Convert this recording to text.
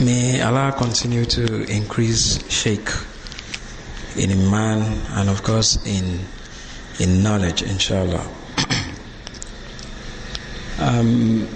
May Allah continue to increase Sheikh in iman and of course in in knowledge, inshallah. um,